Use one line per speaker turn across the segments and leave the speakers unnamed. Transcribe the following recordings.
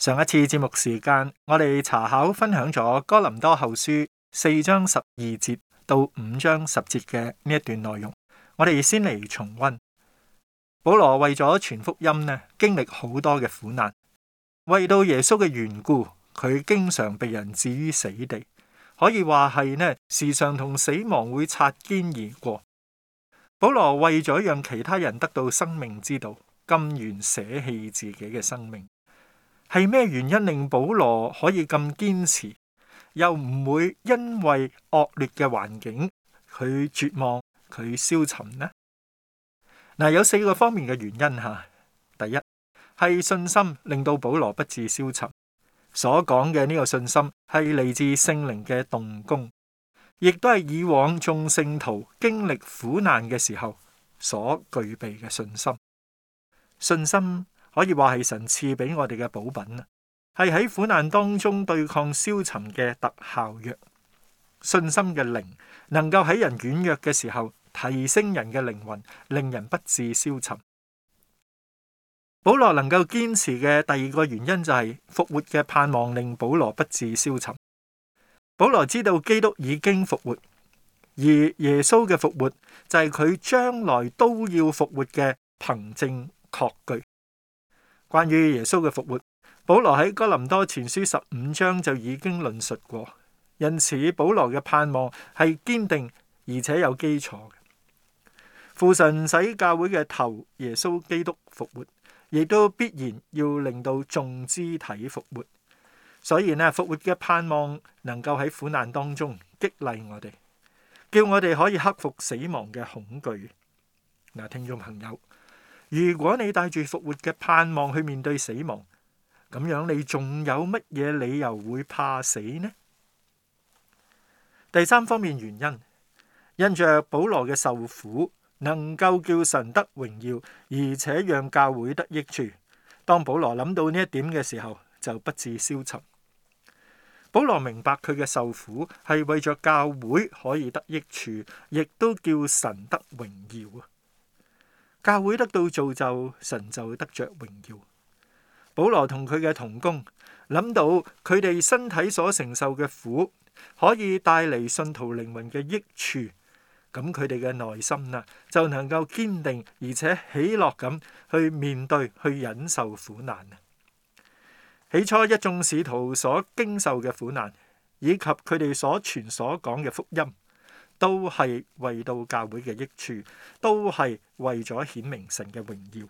上一次節目時間，我哋查考分享咗哥林多後書四章十二節到五章十節嘅呢一段內容。我哋先嚟重溫。保羅為咗傳福音呢，經歷好多嘅苦難，為到耶穌嘅緣故，佢經常被人置於死地，可以話係呢，時常同死亡會擦肩而過。保羅為咗讓其他人得到生命之道，甘願捨棄自己嘅生命。係咩原因令保羅可以咁堅持，又唔會因為惡劣嘅環境，佢絕望，佢消沉呢？嗱，有四個方面嘅原因吓。第一，係信心令到保羅不致消沉。所講嘅呢個信心係嚟自聖靈嘅動工，亦都係以往眾聖徒經歷苦難嘅時候所具備嘅信心。信心。可以話係神賜俾我哋嘅寶品啦，係喺苦難當中對抗消沉嘅特效藥。信心嘅靈能夠喺人軟弱嘅時候提升人嘅靈魂，令人不致消沉。保羅能夠堅持嘅第二個原因就係復活嘅盼望，令保羅不致消沉。保羅知道基督已經復活，而耶穌嘅復活就係佢將來都要復活嘅憑證確據。關於耶穌嘅復活，保羅喺哥林多前書十五章就已經論述過，因此保羅嘅盼望係堅定而且有基礎嘅。父神使教會嘅頭耶穌基督復活，亦都必然要令到眾肢體復活。所以呢，復活嘅盼望能夠喺苦難當中激勵我哋，叫我哋可以克服死亡嘅恐懼。嗱，聽眾朋友。如果你帶住復活嘅盼望去面對死亡，咁樣你仲有乜嘢理由會怕死呢？第三方面原因，因着保羅嘅受苦能夠叫神得榮耀，而且讓教會得益處。當保羅諗到呢一點嘅時候，就不致消沉。保羅明白佢嘅受苦係為著教會可以得益處，亦都叫神得榮耀啊！教會得到造就，神就得着榮耀。保羅同佢嘅同工諗到佢哋身體所承受嘅苦，可以帶嚟信徒靈魂嘅益處，咁佢哋嘅內心呀就能夠堅定而且喜樂咁去面對去忍受苦難。起初一眾使徒所經受嘅苦難，以及佢哋所傳所講嘅福音。都係為到教會嘅益處，都係為咗顯明神嘅榮耀。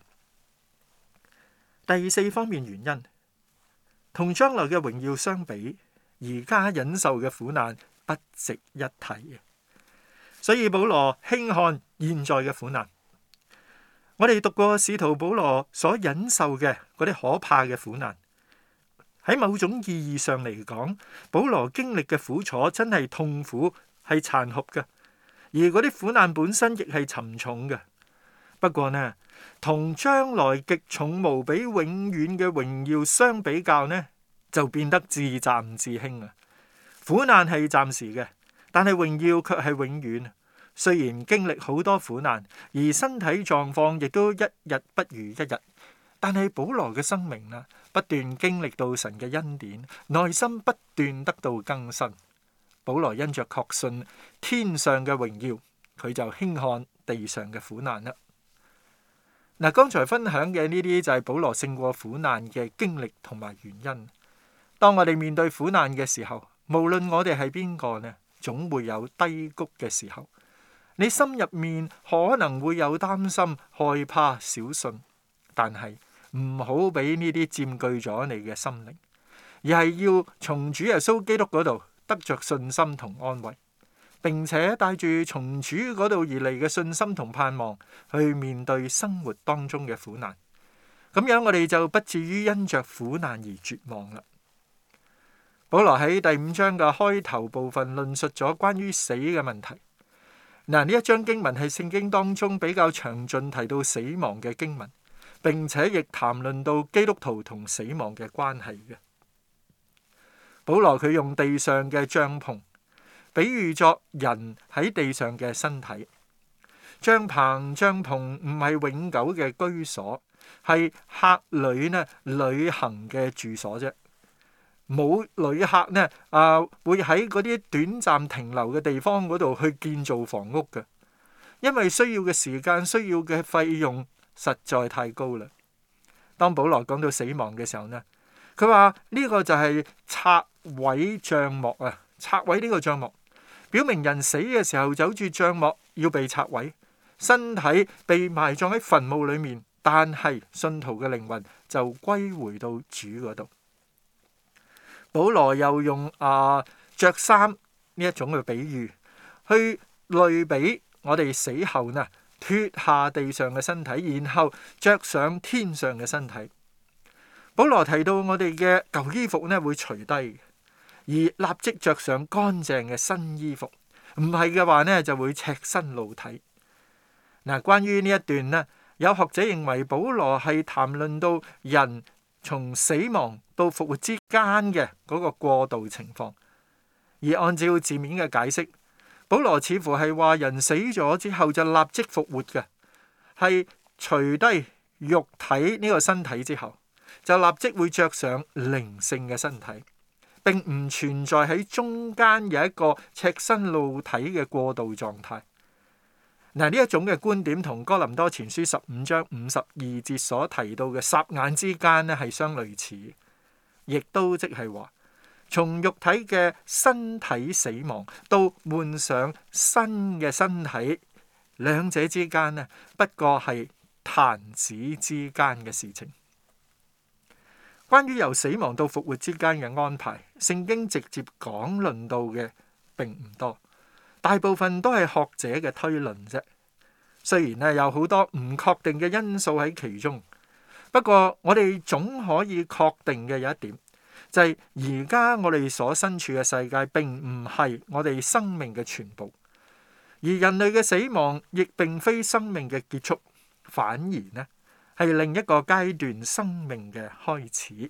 第四方面原因，同將來嘅榮耀相比，而家忍受嘅苦難不值一提。所以保羅輕看現在嘅苦難。我哋讀過使徒保羅所忍受嘅嗰啲可怕嘅苦難，喺某種意義上嚟講，保羅經歷嘅苦楚真係痛苦，係殘酷嘅，而嗰啲苦難本身亦係沉重嘅。不過呢，同將來極重無比永遠嘅榮耀相比較呢，就變得至暫至輕啊！苦難係暫時嘅，但係榮耀卻係永遠。雖然經歷好多苦難，而身體狀況亦都一日不如一日，但係保羅嘅生命啊，不斷經歷到神嘅恩典，內心不斷得到更新。保羅因着確信天上嘅榮耀，佢就輕看地上嘅苦難啦。嗱，剛才分享嘅呢啲就係保羅勝過苦難嘅經歷同埋原因。當我哋面對苦難嘅時候，無論我哋係邊個呢，總會有低谷嘅時候。你心入面可能會有擔心、害怕、小信，但係唔好俾呢啲佔據咗你嘅心靈，而係要從主耶穌基督嗰度。得着信心同安慰，並且帶住從主嗰度而嚟嘅信心同盼望，去面對生活當中嘅苦難。咁樣我哋就不至於因着苦難而絕望啦。保羅喺第五章嘅開頭部分論述咗關於死嘅問題。嗱，呢一章經文係聖經當中比較詳盡提到死亡嘅經文，並且亦談論到基督徒同死亡嘅關係嘅。保羅佢用地上嘅帳篷，比喻作人喺地上嘅身體。帳篷，帳篷唔係永久嘅居所，係客旅呢，旅行嘅住所啫。冇旅客呢，啊會喺嗰啲短暫停留嘅地方嗰度去建造房屋嘅，因為需要嘅時間，需要嘅費用實在太高啦。當保羅講到死亡嘅時候呢，佢話呢個就係拆毀帳幕啊，拆毀呢個帳幕，表明人死嘅時候就住帳幕要被拆毀，身體被埋葬喺墳墓裏面，但係信徒嘅靈魂就歸回到主嗰度。保羅又用啊、呃、着衫呢一種嘅比喻，去類比我哋死後呢脫下地上嘅身體，然後着上天上嘅身體。保羅提到我哋嘅舊衣服呢會除低。而立即着上乾淨嘅新衣服，唔係嘅話呢，就會赤身露體。嗱，關於呢一段呢，有學者認為保羅係談論到人從死亡到復活之間嘅嗰個過渡情況。而按照字面嘅解釋，保羅似乎係話人死咗之後就立即復活嘅，係除低肉體呢個身體之後，就立即會着上靈性嘅身體。並唔存在喺中間有一個赤身露體嘅過渡狀態。嗱，呢一種嘅觀點同哥林多前書十五章五十二節所提到嘅霎眼之間咧，係相類似，亦都即係話，從肉體嘅身體死亡到換上新嘅身體，兩者之間咧不過係彈指之間嘅事情。關於由死亡到復活之間嘅安排，聖經直接講論到嘅並唔多，大部分都係學者嘅推論啫。雖然咧有好多唔確定嘅因素喺其中，不過我哋總可以確定嘅有一點，就係而家我哋所身處嘅世界並唔係我哋生命嘅全部，而人類嘅死亡亦並非生命嘅結束，反而呢，係另一個階段生命嘅開始。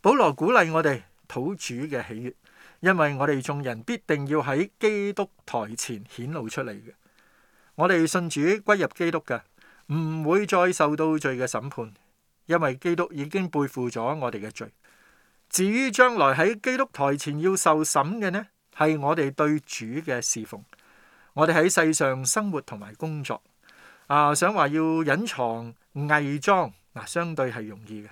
保羅鼓勵我哋討主嘅喜悦，因為我哋眾人必定要喺基督台前顯露出嚟嘅。我哋信主歸入基督嘅，唔會再受到罪嘅審判，因為基督已經背負咗我哋嘅罪。至於將來喺基督台前要受審嘅呢，係我哋對主嘅侍奉，我哋喺世上生活同埋工作。啊！想話要隱藏偽裝，嗱、啊，相對係容易嘅。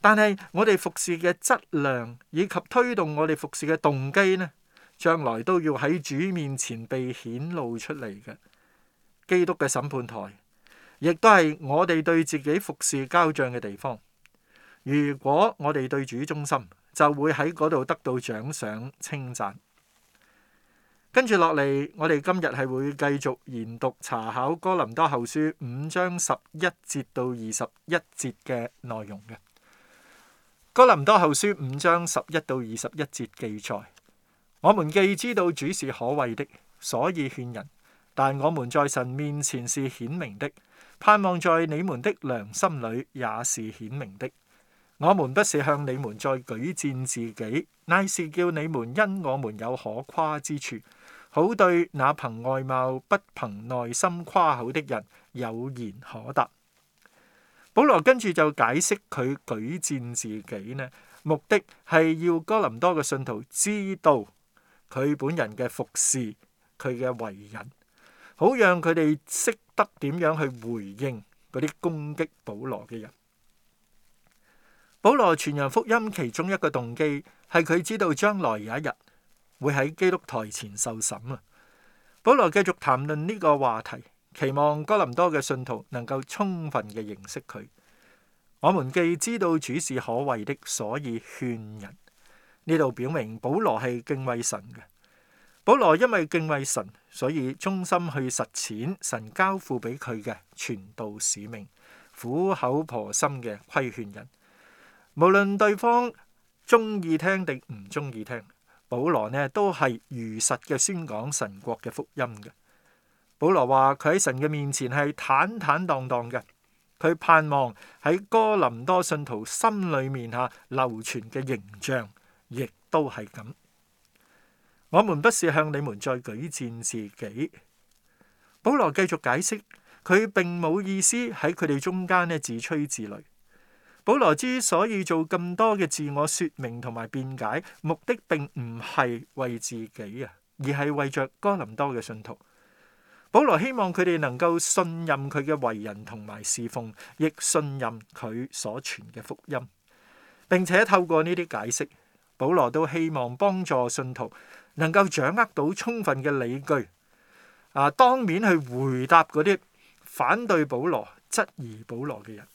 但係我哋服侍嘅質量以及推動我哋服侍嘅動機呢，將來都要喺主面前被顯露出嚟嘅。基督嘅審判台，亦都係我哋對自己服侍交賬嘅地方。如果我哋對主忠心，就會喺嗰度得到獎賞稱讚。跟住落嚟，我哋今日係會繼續研讀查考哥林多後書五章十一節到二十一節嘅內容嘅。哥林多後書五章十一到二十一節記載：我們既知道主是可畏的，所以勸人；但我們在神面前是顯明的，盼望在你們的良心裏也是顯明的。我們不是向你們再舉薦自己，乃是叫你們因我們有可誇之處。好，對那憑外貌不憑內心誇口的人有言可答。保羅跟住就解釋佢舉薦自己呢，目的係要哥林多嘅信徒知道佢本人嘅服侍，佢嘅為人，好讓佢哋識得點樣去回應嗰啲攻擊保羅嘅人。保羅傳揚福音其中一個動機係佢知道將來有一日。會喺基督台前受審啊！保羅繼續談論呢個話題，期望哥林多嘅信徒能夠充分嘅認識佢。我們既知道主是可畏的，所以勸人。呢度表明保羅係敬畏神嘅。保羅因為敬畏神，所以忠心去實踐神交付俾佢嘅傳道使命，苦口婆心嘅規勸人，無論對方中意聽定唔中意聽。保羅呢都係如實嘅宣講神國嘅福音嘅。保羅話佢喺神嘅面前係坦坦蕩蕩嘅，佢盼望喺哥林多信徒心裏面下流傳嘅形象亦都係咁。我們不是向你們再舉薦自己。保羅繼續解釋，佢並冇意思喺佢哋中間呢自吹自擂。保羅之所以做咁多嘅自我說明同埋辯解，目的並唔係為自己啊，而係為着哥林多嘅信徒。保羅希望佢哋能夠信任佢嘅為人同埋侍奉，亦信任佢所傳嘅福音，並且透過呢啲解釋，保羅都希望幫助信徒能夠掌握到充分嘅理據，啊，當面去回答嗰啲反對保羅、質疑保羅嘅人。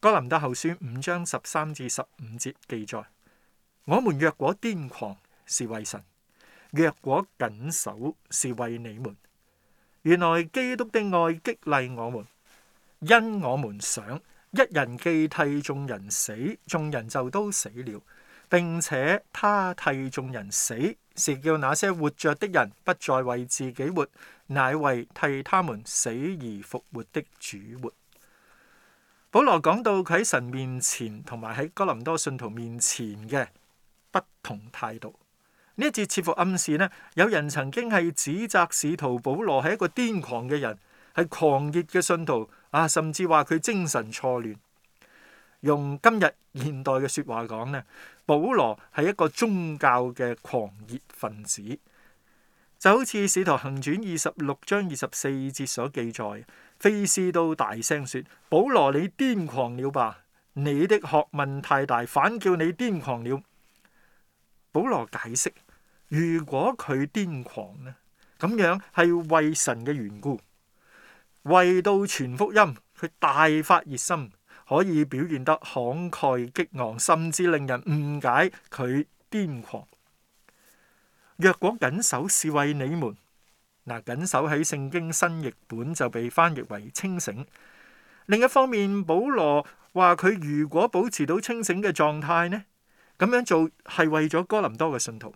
哥林多後書五章十三至十五節記載：我們若果癲狂是為神，若果謹守是為你們。原來基督的愛激勵我們，因我們想一人既替眾人死，眾人就都死了，並且他替眾人死，是叫那些活着的人不再為自己活，乃為替他們死而復活的主活。保羅講到佢喺神面前同埋喺哥林多信徒面前嘅不同態度。呢一節似乎暗示咧，有人曾經係指責使徒保羅係一個癲狂嘅人，係狂熱嘅信徒啊，甚至話佢精神錯亂。用今日現代嘅說話講咧，保羅係一個宗教嘅狂熱分子。就好似使徒行傳二十六章二十四節所記載。菲斯都大聲說：保羅，你癲狂了吧？你的學問太大，反叫你癲狂了。保羅解釋：如果佢癲狂呢，咁樣係為神嘅緣故，為到全福音，佢大發熱心，可以表現得慷慨激昂，甚至令人誤解佢癲狂。若果謹守是為你們。嗱，緊守喺聖經新譯本就被翻譯為清醒。另一方面，保羅話佢如果保持到清醒嘅狀態呢，咁樣做係為咗哥林多嘅信徒。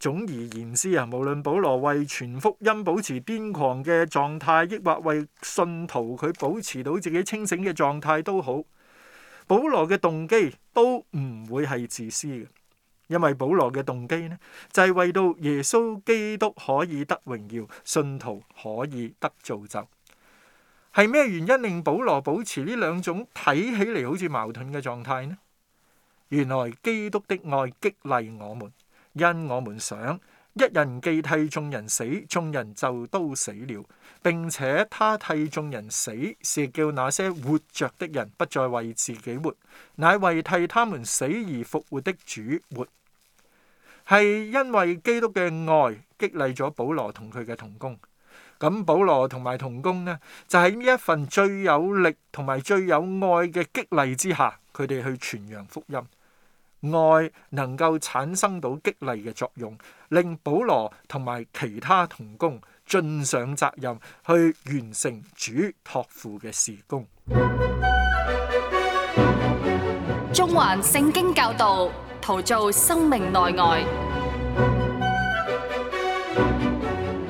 總而言之啊，無論保羅為全福音保持癲狂嘅狀態，抑或為信徒佢保持到自己清醒嘅狀態都好，保羅嘅動機都唔會係自私嘅。因為保羅嘅動機呢，就係為到耶穌基督可以得榮耀，信徒可以得造就。係咩原因令保羅保持呢兩種睇起嚟好似矛盾嘅狀態呢？原來基督的愛激勵我們，因我們想一人既替眾人死，眾人就都死了，並且他替眾人死，是叫那些活着的人不再為自己活，乃為替他們死而復活的主活。係因為基督嘅愛激勵咗保羅同佢嘅同工，咁保羅同埋同工咧，就喺呢一份最有力同埋最有愛嘅激勵之下，佢哋去傳揚福音。愛能夠產生到激勵嘅作用，令保羅同埋其他同工盡上責任去完成主託付嘅事工。中環聖經教導。陶造生命內外。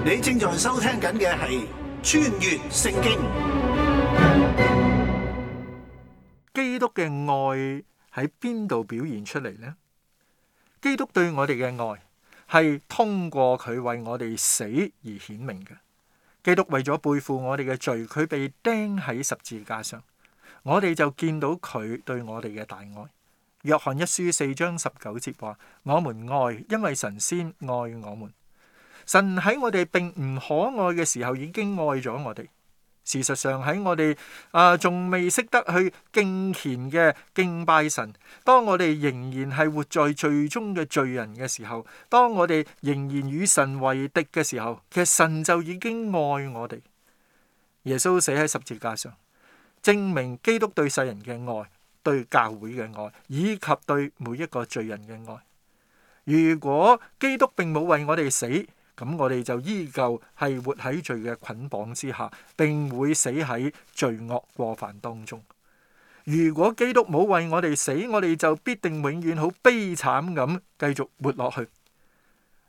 你正在收聽緊嘅係《穿越聖經》，基督嘅愛喺邊度表現出嚟呢？基督對我哋嘅愛係通過佢為我哋死而顯明嘅。基督為咗背負我哋嘅罪，佢被釘喺十字架上，我哋就見到佢對我哋嘅大愛。約翰一書四章十九節話：我們愛，因為神先愛我們。神喺我哋並唔可愛嘅時候，已經愛咗我哋。事實上喺我哋啊仲未識得去敬虔嘅敬拜神，當我哋仍然係活在最終嘅罪人嘅時候，當我哋仍然與神為敵嘅時候，其實神就已經愛我哋。耶穌死喺十字架上，證明基督對世人嘅愛。對教會嘅愛，以及對每一個罪人嘅愛。如果基督並冇為我哋死，咁我哋就依舊係活喺罪嘅捆綁之下，並會死喺罪惡過犯當中。如果基督冇為我哋死，我哋就必定永遠好悲慘咁繼續活落去。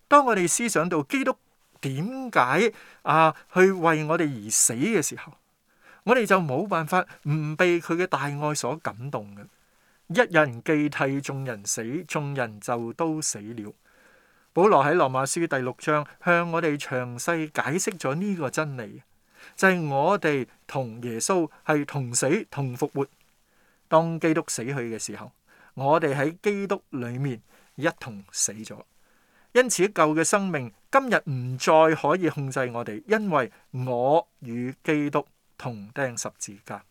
當我哋思想到基督點解啊去為我哋而死嘅時候，我哋就冇辦法唔被佢嘅大愛所感動嘅。一人既替眾人死，眾人就都死了。保羅喺羅馬書第六章向我哋詳細解釋咗呢個真理，就係我哋同耶穌係同死同復活。當基督死去嘅時候，我哋喺基督裏面一同死咗，因此舊嘅生命今日唔再可以控制我哋，因為我與基督。同釘十字架，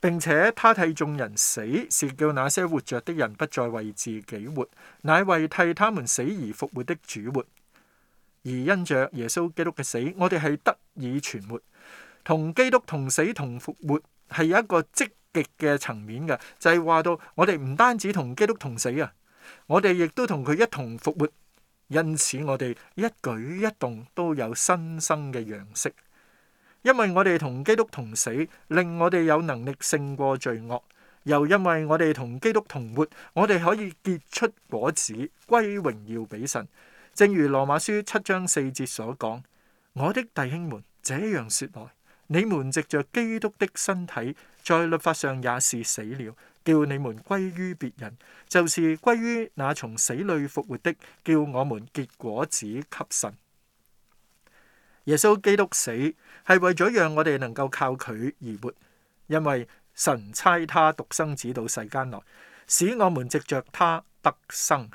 並且他替眾人死，是叫那些活着的人不再為自己活，乃為替他們死而復活的主活。而因着耶穌基督嘅死，我哋係得以存活。同基督同死同復活係一個積極嘅層面嘅，就係話到我哋唔單止同基督同死啊，我哋亦都同佢一同復活。因此我哋一舉一動都有新生嘅樣式。因為我哋同基督同死，令我哋有能力勝過罪惡；又因為我哋同基督同活，我哋可以結出果子，歸榮耀俾神。正如羅馬書七章四節所講：我的弟兄們，這樣說來，你們藉着基督的身體，在律法上也是死了，叫你們歸於別人，就是歸於那從死裏復活的，叫我們結果子給神。耶穌基督死係為咗讓我哋能夠靠佢而活，因為神差他獨生子到世間來，使我們藉着他得生。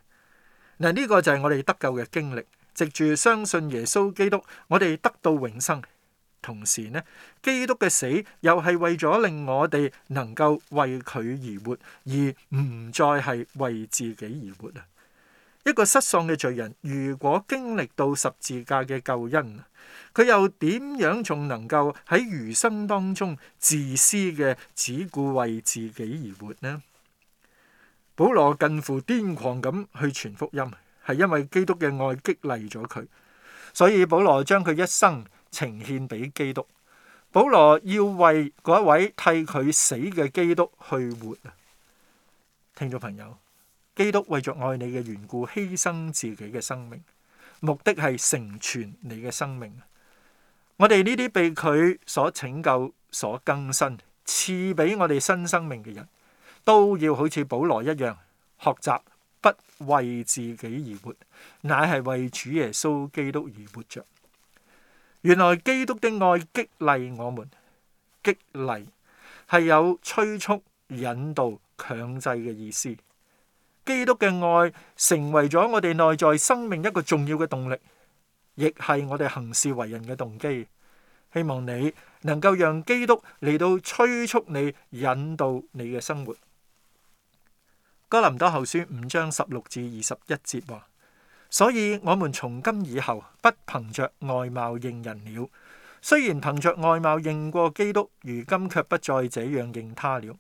嗱，呢個就係我哋得救嘅經歷，藉住相信耶穌基督，我哋得到永生。同時呢，基督嘅死又係為咗令我哋能夠為佢而活，而唔再係為自己而活啊！一個失喪嘅罪人，如果經歷到十字架嘅救恩，佢又點樣仲能夠喺餘生當中自私嘅只顧為自己而活呢？保羅近乎癲狂咁去傳福音，係因為基督嘅愛激勵咗佢，所以保羅將佢一生呈獻俾基督。保羅要為嗰一位替佢死嘅基督去活啊！聽眾朋友。基督為着愛你嘅緣故犧牲自己嘅生命，目的係成全你嘅生命。我哋呢啲被佢所拯救、所更新、賜俾我哋新生命嘅人，都要好似保羅一樣學習，不為自己而活，乃係為主耶穌基督而活着。原來基督的愛激勵我們，激勵係有催促、引導、強制嘅意思。基督嘅愛成為咗我哋內在生命一個重要嘅動力，亦係我哋行事為人嘅動機。希望你能夠讓基督嚟到催促你、引導你嘅生活。哥林多後書五章十六至二十一節話：「所以我們從今以後不憑着外貌認人了。雖然憑着外貌認過基督，如今卻不再這樣認他了。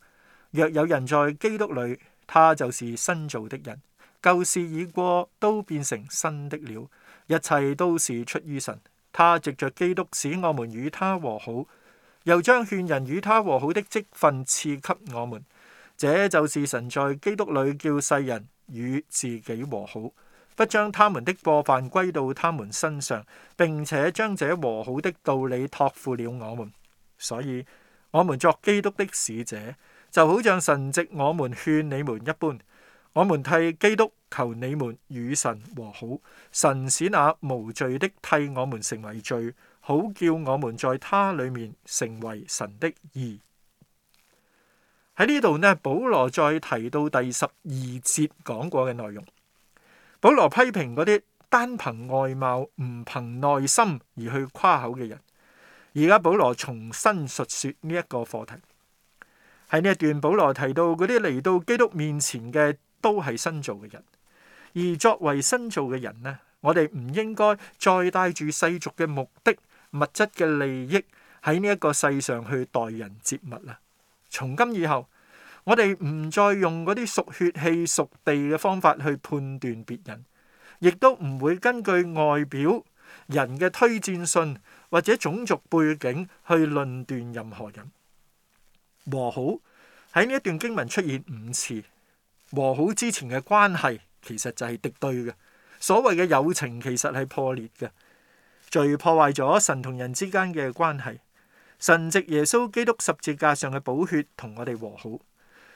若有人在基督裏，他就是新造的人，舊事已過，都變成新的了。一切都是出於神，他藉着基督使我們與他和好，又將勸人與他和好的職分賜給我們。這就是神在基督裏叫世人與自己和好，不將他們的過犯歸到他們身上，並且將這和好的道理託付了我們。所以，我們作基督的使者。就好像神藉我們勸你們一般，我們替基督求你們與神和好。神使那無罪的替我們成為罪，好叫我們在他裏面成為神的義。喺呢度呢，保羅再提到第十二節講過嘅內容。保羅批評嗰啲單憑外貌唔憑內心而去誇口嘅人。而家保羅重新述說呢一個課題。喺呢一段，保羅提到嗰啲嚟到基督面前嘅都係新造嘅人，而作為新造嘅人呢，我哋唔應該再帶住世俗嘅目的、物質嘅利益喺呢一個世上去待人接物啦。從今以後，我哋唔再用嗰啲屬血氣、屬地嘅方法去判斷別人，亦都唔會根據外表、人嘅推薦信或者種族背景去論斷任何人。和好喺呢一段經文出現五次，和好之前嘅關係其實就係敵對嘅。所謂嘅友情其實係破裂嘅，罪破壞咗神同人之間嘅關係。神藉耶穌基督十字架上嘅寶血同我哋和好。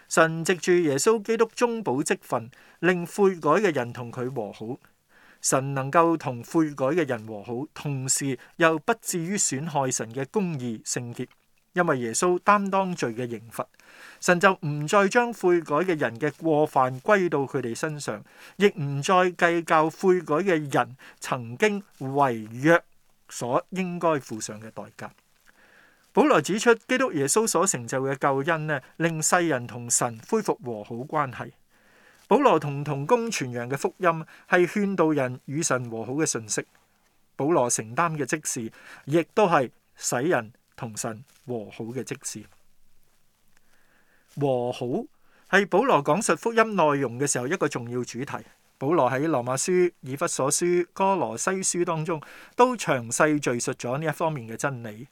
神藉住耶穌基督中保職份，令悔改嘅人同佢和好。神能夠同悔改嘅人和好，同時又不至於損害神嘅公義聖潔。聖潔因為耶穌擔當罪嘅刑罰，神就唔再將悔改嘅人嘅過犯歸到佢哋身上，亦唔再計較悔改嘅人曾經違約所應該付上嘅代價。保羅指出，基督耶穌所成就嘅救恩呢，令世人同神恢復和好關係。保羅同同工傳揚嘅福音係勸導人與神和好嘅信息。保羅承擔嘅職事，亦都係使人。同神和好嘅即事。和好，係保羅講述福音內容嘅時候，一個重要主題。保羅喺羅馬書、以弗所書、哥羅西書當中都詳細敘述咗呢一方面嘅真理。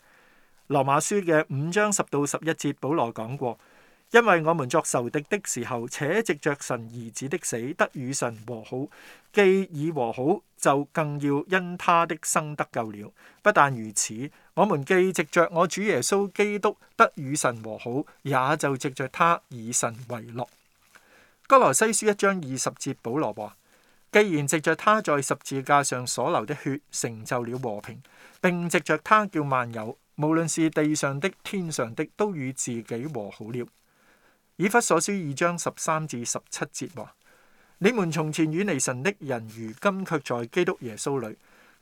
羅馬書嘅五章十到十一節，保羅講過：因為我們作仇敵的時候，且藉着神兒子的死得與神和好；既已和好，就更要因他的生得救了。不但如此。我們既藉着我主耶穌基督得與神和好，也就藉着他以神為樂。哥羅西書一章二十節保羅話：既然藉着他在十字架上所流的血成就了和平，並藉着他叫萬有，無論是地上的、天上的，都與自己和好了。以弗所書二章十三至十七節話：你們從前遠離神的人，如今却在基督耶穌裏。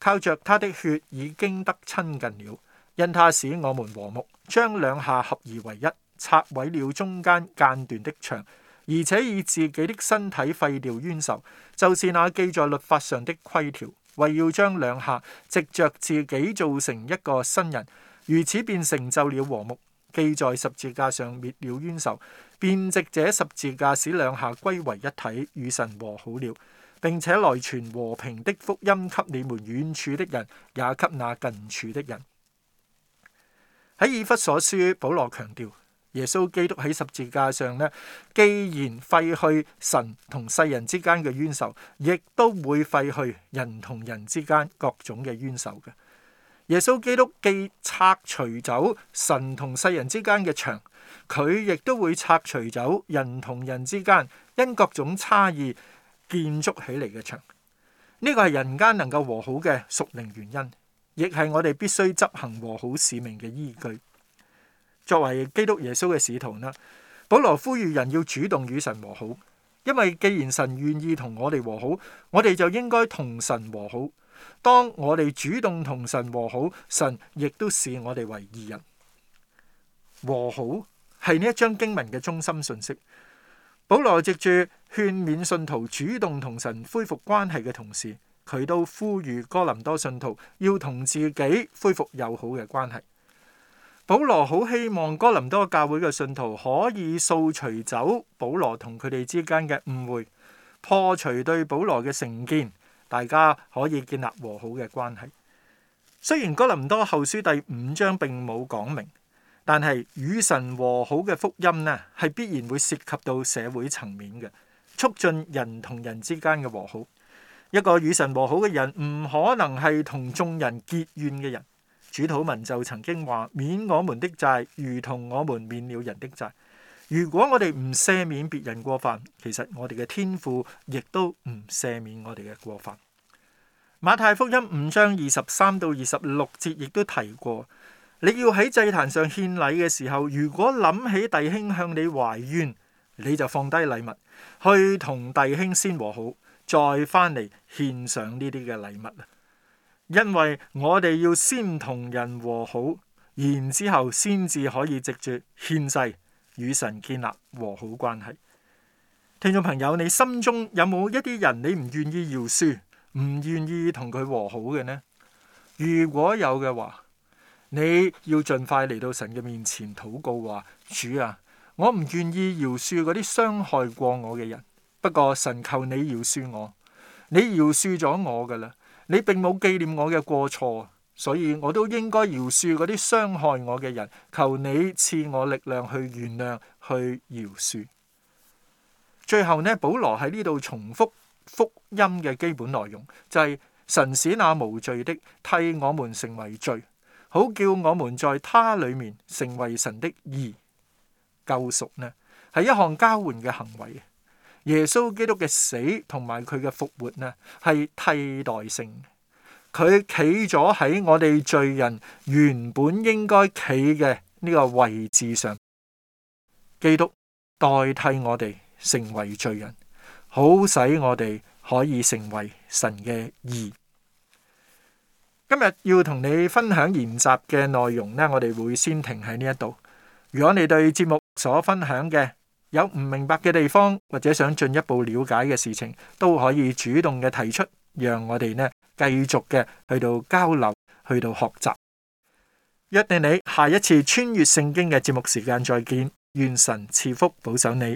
靠着他的血已經得親近了，因他使我們和睦，將兩下合而為一，拆毀了中間間斷的牆，而且以自己的身體廢掉冤仇，就是那記在律法上的規條，為要將兩下藉著自己造成一個新人，如此便成就了和睦，記在十字架上滅了冤仇，便藉這十字架使兩下歸為一體，與神和好了。並且來傳和平的福音給你們遠處的人，也給那近處的人。喺以弗所書，保羅強調耶穌基督喺十字架上呢，既然廢去神同世人之間嘅冤仇，亦都會廢去人同人之間各種嘅冤仇嘅。耶穌基督既拆除走神同世人之間嘅牆，佢亦都會拆除走人同人之間因各種差異。建築起嚟嘅牆，呢個係人間能夠和好嘅屬靈原因，亦係我哋必須執行和好使命嘅依據。作為基督耶穌嘅使徒呢，保羅呼籲人要主動與神和好，因為既然神願意同我哋和好，我哋就應該同神和好。當我哋主動同神和好，神亦都視我哋為義人。和好係呢一章經文嘅中心信息。保羅藉住，勸勉信徒主動同神恢復關係嘅同時，佢都呼籲哥林多信徒要同自己恢復友好嘅關係。保羅好希望哥林多教會嘅信徒可以掃除走保羅同佢哋之間嘅誤會，破除對保羅嘅成見，大家可以建立和好嘅關係。雖然哥林多後書第五章並冇講明。但係與神和好嘅福音呢，係必然會涉及到社會層面嘅，促進人同人之間嘅和好。一個與神和好嘅人，唔可能係同眾人結怨嘅人。主禱文就曾經話：免我們的債，如同我們免了人的債。如果我哋唔赦免別人過犯，其實我哋嘅天父亦都唔赦免我哋嘅過犯。馬太福音五章二十三到二十六節亦都提過。你要喺祭壇上獻禮嘅時候，如果諗起弟兄向你懷怨，你就放低禮物，去同弟兄先和好，再翻嚟獻上呢啲嘅禮物。因為我哋要先同人和好，然之後先至可以直接獻祭，與神建立和好關係。聽眾朋友，你心中有冇一啲人你唔願意饒恕、唔願意同佢和好嘅呢？如果有嘅話，你要盡快嚟到神嘅面前禱告，話主啊，我唔願意饒恕嗰啲傷害過我嘅人。不過神求你饒恕我，你饒恕咗我㗎喇，你並冇記念我嘅過錯，所以我都應該饒恕嗰啲傷害我嘅人。求你賜我力量去原諒，去饒恕。最後呢，保羅喺呢度重複福音嘅基本內容，就係神使那無罪的，替我們成為罪。好叫我們在他裡面成為神的義。救贖呢，係一項交換嘅行為。耶穌基督嘅死同埋佢嘅復活呢，係替代性。佢企咗喺我哋罪人原本應該企嘅呢個位置上，基督代替我哋成為罪人，好使我哋可以成為神嘅義。今日要同你分享研習嘅內容呢，我哋會先停喺呢一度。如果你對節目所分享嘅有唔明白嘅地方，或者想進一步了解嘅事情，都可以主動嘅提出，讓我哋呢繼續嘅去到交流，去到學習。約定你下一次穿越聖經嘅節目時間再見，願神賜福保守你。